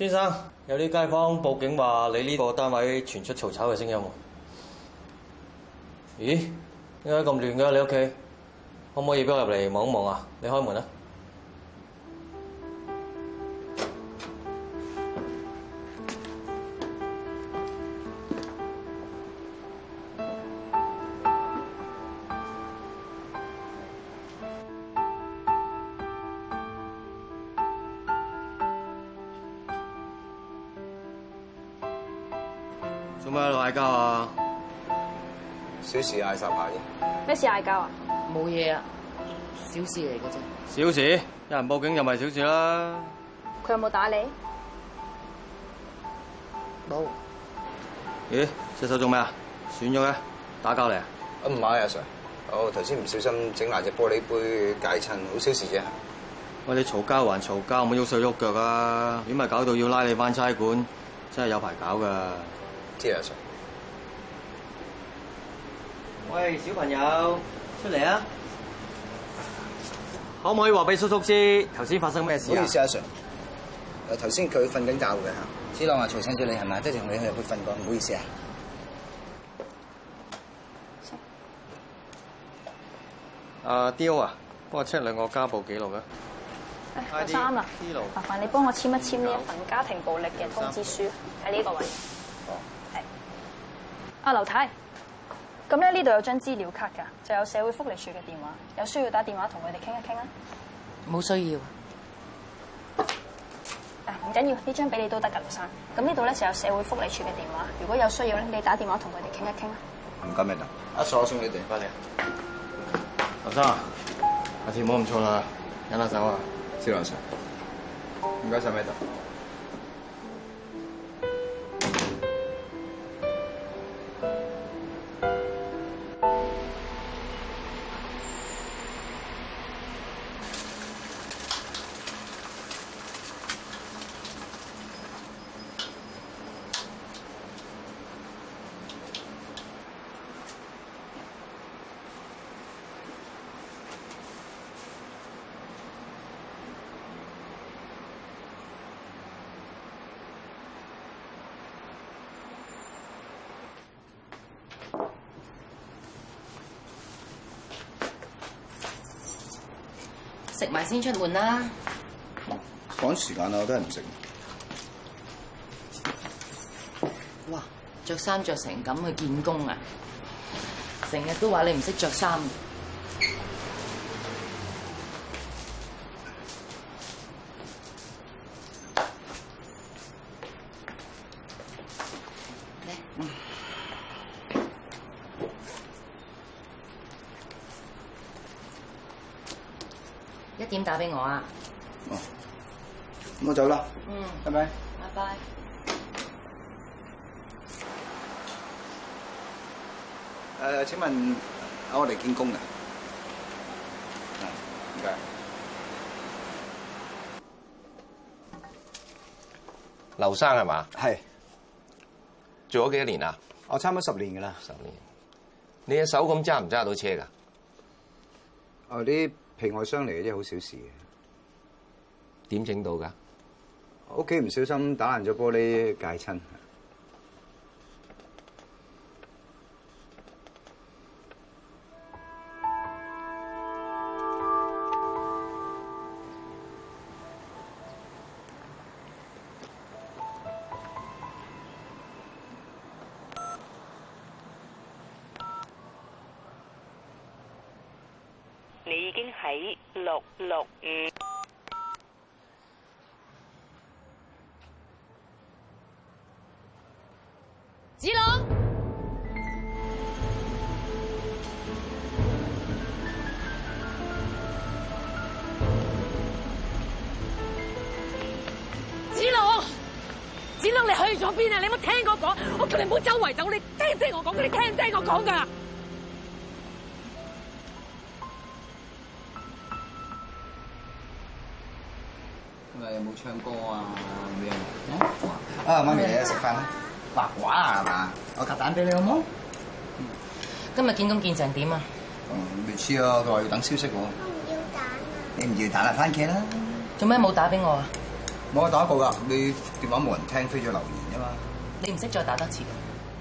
先生，有啲街坊報警話你呢個單位傳出嘈吵嘅聲音喎。咦？點解咁亂嘅？你屋企可唔可以畀我入嚟望一望啊？你開門啊咩事嗌交啊？冇嘢啊，小事嚟嘅啫。小事，有人報警又唔係小事啦。佢有冇打你？冇沒、哎。咦？隻手做咩啊？損咗嘅？打交嚟啊？啊唔係啊，Sir。哦，頭先唔小心整爛隻玻璃杯，鎅親，好小事啫、啊。喂，你嘈交還嘈交，唔好喐手喐腳啊！點咪搞到要拉你返差館？真係有排搞噶。知啦，Sir。喂，小朋友出嚟啊！可唔可以話俾叔叔知頭先發生咩事啊？唔好意思啊，Sir。頭先佢瞓緊覺嘅，志朗話嘈親住你係咪即係你去入瞓過，唔好意思啊。阿刁啊，幫我出 check 兩個家暴記錄啊。阿三啊，麻煩你幫我簽一簽呢一份家庭暴力嘅通知書，喺呢 D 6. 個位置。哦、oh.。係。阿劉太。咁咧呢度有張資料卡㗎，就有社會福利處嘅電話，有需要打電話同佢哋傾一傾啊。冇需要。啊，唔緊要，呢張俾你都得㗎，劉生。咁呢度咧就有社會福利處嘅電話，如果有需要咧，你打電話同佢哋傾一傾啊。唔該 Madam，阿嫂，送你哋。返嚟。你。劉生啊，下次唔好唔錯啦，飲下手啊，消下脹。唔該曬，Madam。食埋先出門啦！趕時間啊，我都係唔食。哇！著衫着成咁去見工啊！成日都話你唔識着衫。打俾我啊！哦，咁我走啦。嗯，拜拜。拜拜。誒，請問我嚟見工噶？啊，點解？劉生係嘛？係。做咗幾多年啊？我差唔多十年噶啦。十年。你嘅手工揸唔揸到車噶？我啲。皮外傷嚟嘅，啫，好小事嘅。點整到㗎？屋企唔小心打爛咗玻璃，戒親。子龍，子龍，子龍你去咗邊啊？你冇聽我講，我叫你唔好周圍走，你聽唔聽我講？你聽唔聽我講噶？聽聽，今日有冇唱歌啊？咩啊？啊，媽咪你啦，食飯啦。八卦啊，係嘛？我夾蛋俾你好冇？今日見工見成點啊？嗯，未知啊，佢話要等消息喎。我唔要蛋。你唔要蛋啊，番茄啦。做咩冇打俾我啊？冇打過㗎，你電話冇人聽，飛咗留言啫嘛。你唔識再打多次？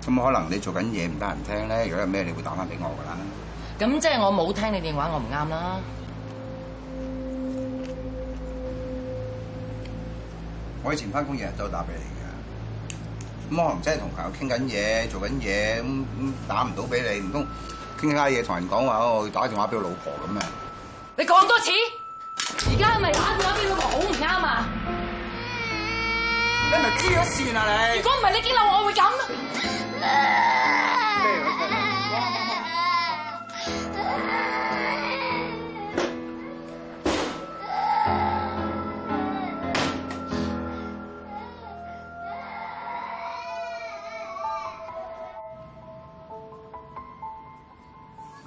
咁可能你做緊嘢唔得閒聽咧，如果有咩你會打翻俾我㗎啦。咁即係我冇聽你電話，我唔啱啦。我以前翻工日日都打俾你。咁我真係同朋友傾緊嘢，做緊嘢，咁咁打唔到俾你，唔通傾緊下嘢同人講話，我要打電話俾我老婆咁啊！你講多次，而家係咪打電話俾老婆好唔啱啊？你咪黐咗線啊你！如果唔係你激嬲我，我會咁。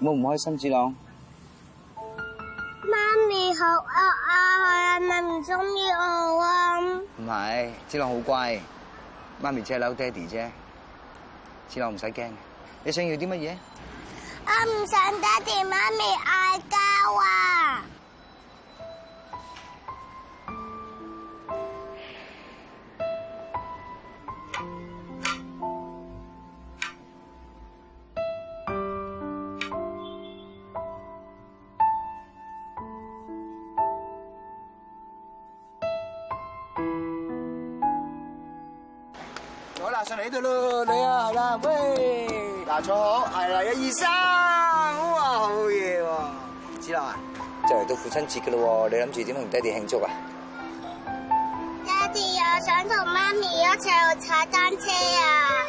有冇唔開心，子朗？媽咪好惡啊，係咪唔中意我啊？唔係，子朗好乖，媽咪只係嬲爹哋啫。子朗唔使驚，你想要啲乜嘢？我唔想爹哋媽咪嗌交啊！上嚟度咯，你啊，係啦、啊，喂、啊，嗱，坐好，係啦、啊，一、二、三，哇，好嘢喎、啊！子樂啊，就嚟到父親節㗎咯喎，你諗住點同爹哋慶祝啊？爹哋又想同媽咪一齊去踩單車啊！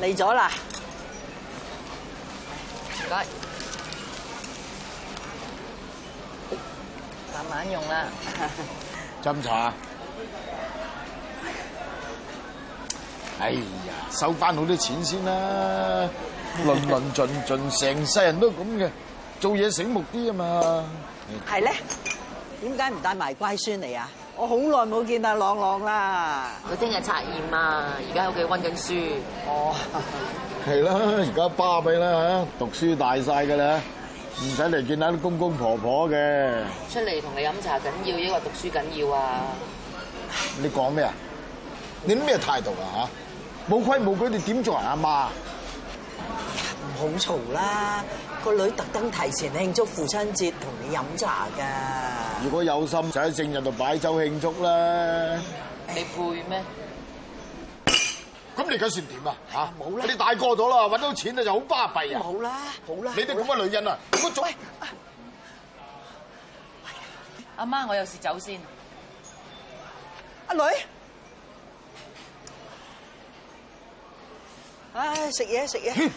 嚟咗啦，而家慢慢用啦。斟茶，哎呀，收翻好啲錢先啦。論論盡盡，成世人都咁嘅，做嘢醒目啲啊嘛。係咧，點解唔帶埋乖孫嚟啊？我好耐冇見阿朗朗啦，佢聽日測驗啊，而家喺屋企溫緊書。哦，係啦，而家巴閉啦嚇，讀書大曬㗎啦，唔使嚟見下啲公公婆婆嘅。出嚟同你飲茶緊要，抑或讀書緊要啊？你講咩啊？你啲咩態度啊嚇？冇規冇矩，你點做人阿媽，媽吵？唔好嘈啦，個女特登提前慶祝父親節同。飲茶㗎！如果有心就喺正日度擺酒慶祝啦。你攰咩？咁你而家算點啊？嚇！冇啦！你大過咗啦，揾到錢啦就好巴閉啊！冇啦，好啦。你啲咁嘅女人啊，我仲……阿媽，我有事走先。阿女，唉，食嘢食嘢。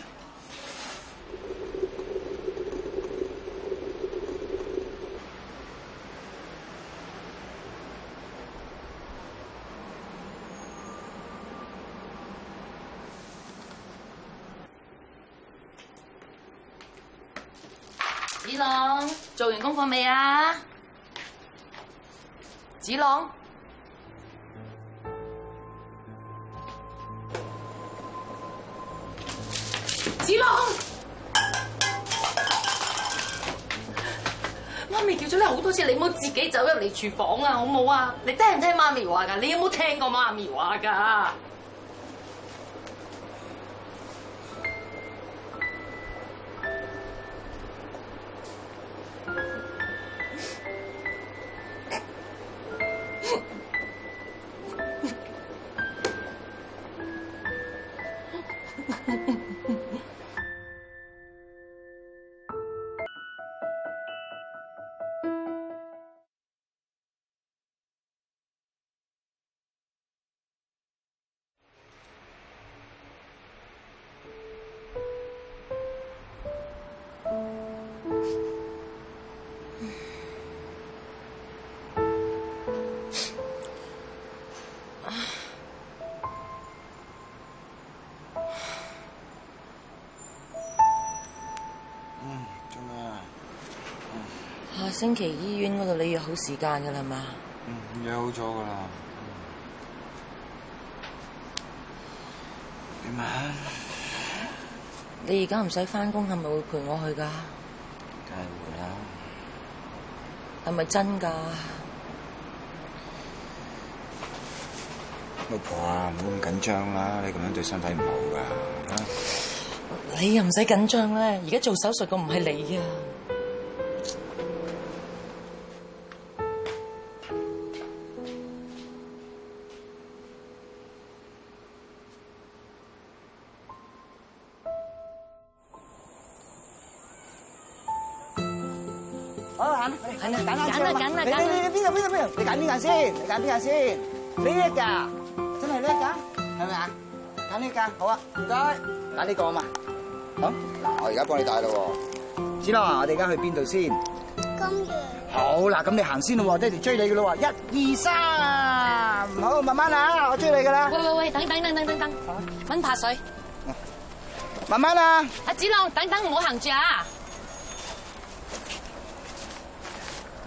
未啊，子朗，子朗，媽咪叫咗你好多次，你唔好自己走入嚟廚房啊，好唔好啊？你聽唔聽媽咪話噶？你有冇聽過媽咪話噶？星期醫院嗰度你約好時間噶啦嘛？嗯，約好咗噶啦。阿芬，你而家唔使翻工，係咪會陪我去噶？梗係會啦。係咪真噶？老婆啊，唔好咁緊張啦，你咁樣對身體唔好噶。你又唔使緊張咧，而家做手術個唔係你噶。先，揀邊個先？呢一架，真係叻噶，係咪啊？揀呢架，好啊，唔該，揀呢個嘛，好。嗱，我而家幫你帶咯。子朗，我哋而家去邊度先？金魚。好啦，咁你行先咯，我追追你噶啦，一、二、三，好，慢慢啊，我追你噶啦。喂喂喂，等等等等等等，蚊怕水，慢慢啊。阿子朗，等等唔好行住啊。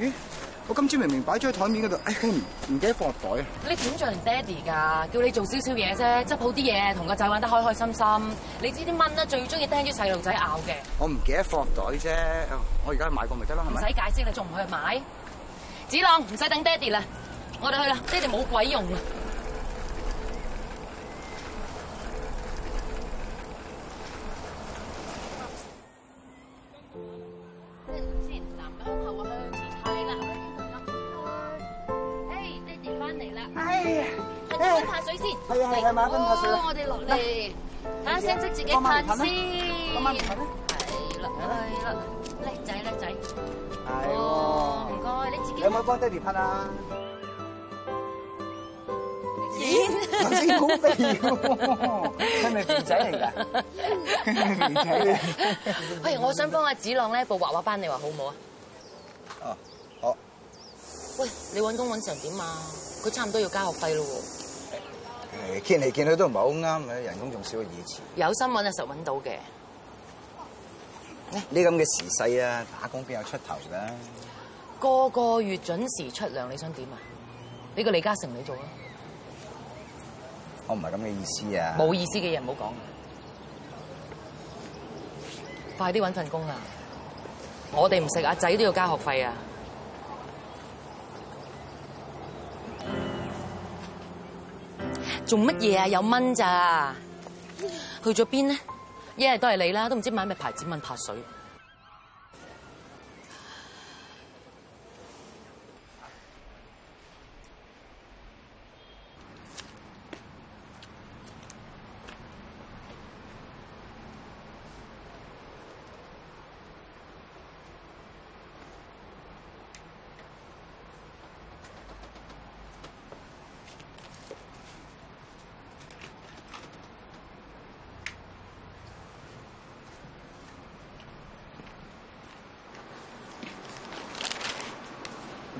咦？我今朝明明擺咗喺枱面嗰度，哎，唔唔記得放入袋啊！你點做人爹哋㗎？叫你做少少嘢啫，執好啲嘢，同個仔玩得開開心心。你知啲蚊呢，最中意叮住細路仔咬嘅。我唔記得放袋啫，我而家買過咪得啦，係咪？唔使解釋，你仲唔去買？子朗，唔使等爹哋啦，我哋去啦，爹哋冇鬼用啦。哦、我哋落嚟，睇下先識自己拍先。係啦，係啦，叻仔叻仔。哦、哎，唔該，哎、你自己你有冇幫爹哋拍啊？先估肥，係咪肥仔嚟噶，肥仔。哎，我想幫阿子朗咧部畫畫班，你話好唔好啊？哦，好。喂，你搵工搵成點啊？佢差唔多要交學費咯。見嚟見去都唔係好啱，人工仲少過以前。有心揾就實揾到嘅。呢啲咁嘅時勢啊，打工邊有出頭噶？個個月準時出糧，你想點啊？呢個李嘉誠你做啊？我唔係咁嘅意思啊！冇意思嘅嘢唔好講。 快啲揾份工啊！我哋唔食阿仔都要交學費啊！做乜嘢啊？有蚊咋？去咗邊咧？一日都係你啦，都唔知買咩牌子蚊拍水。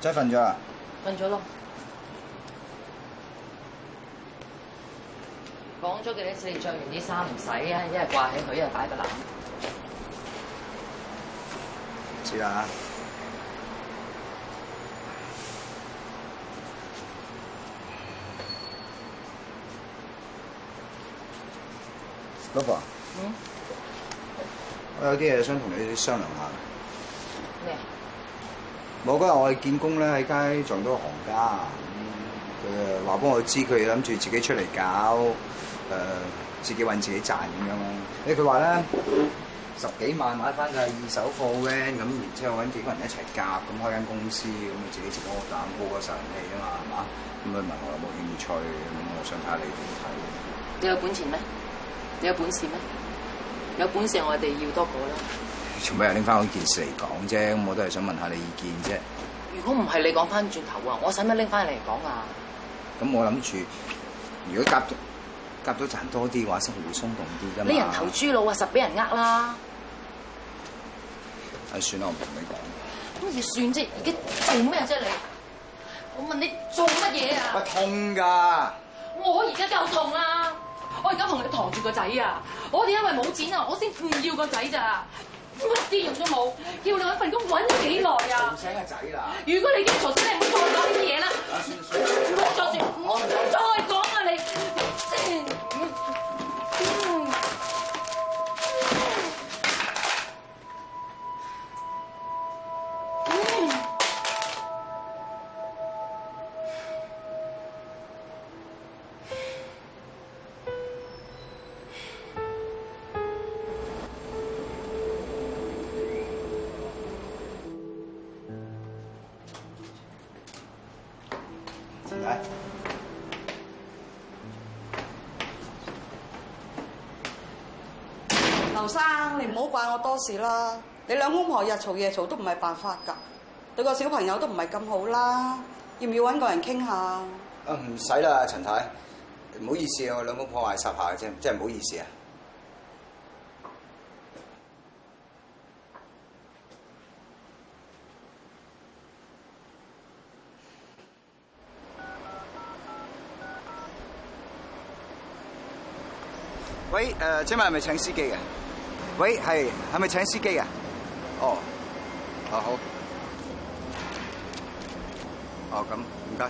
仔瞓咗啊！瞓咗咯。講咗幾多次，你著完啲衫唔使啊，一係掛起佢，一係擺個籃。知啦。老婆。嗯。我有啲嘢想同你商量一下。冇嗰日我去見工咧，喺街撞到一個行家，咁佢話俾我知佢諗住自己出嚟搞，誒自己揾自己賺咁樣咯。誒佢話咧十幾萬買翻就二手貨嘅，咁然之後揾幾個人一齊夾，咁開間公司，咁自己自己攤高嗰陣氣啊嘛，係嘛？咁佢問我有冇興趣，咁我想睇下你點睇。你有本錢咩？你有本事咩？有本事我哋要多個啦。做咩又拎翻嗰件事嚟講啫？咁我都係想問下你意見啫。如果唔係你講翻轉頭啊，我使唔使拎翻嚟講啊？咁我諗住，如果夾夾到賺多啲話，心係會鬆動啲㗎嘛。你人頭豬腦啊，實俾我人呃啦。唉，算啦，我唔同你講。咁而算啫，而家做咩啫？你我問你做乜嘢啊？喂，痛㗎的！我而家夠痛喇！我而家同你堂住個仔啊！我哋因為冇錢啊，我先唔要個仔咋。啲用都冇，叫你揾份工揾幾耐啊！唔使個仔啦！如果你嘅財神你唔好再講呢啲嘢啦。坐住，我再。劉生，你唔好怪我多事啦。你兩公婆日嘈夜嘈都唔係辦法噶對個小朋友都唔係咁好啦。要唔要揾個人傾下？啊，唔使啦，陳太，唔好意思啊，我兩公婆壞十下啫，真係唔好意思啊。喂，誒、呃，請問係咪請司機啊？喂，係，係咪請司機啊？哦，啊好，哦咁唔該。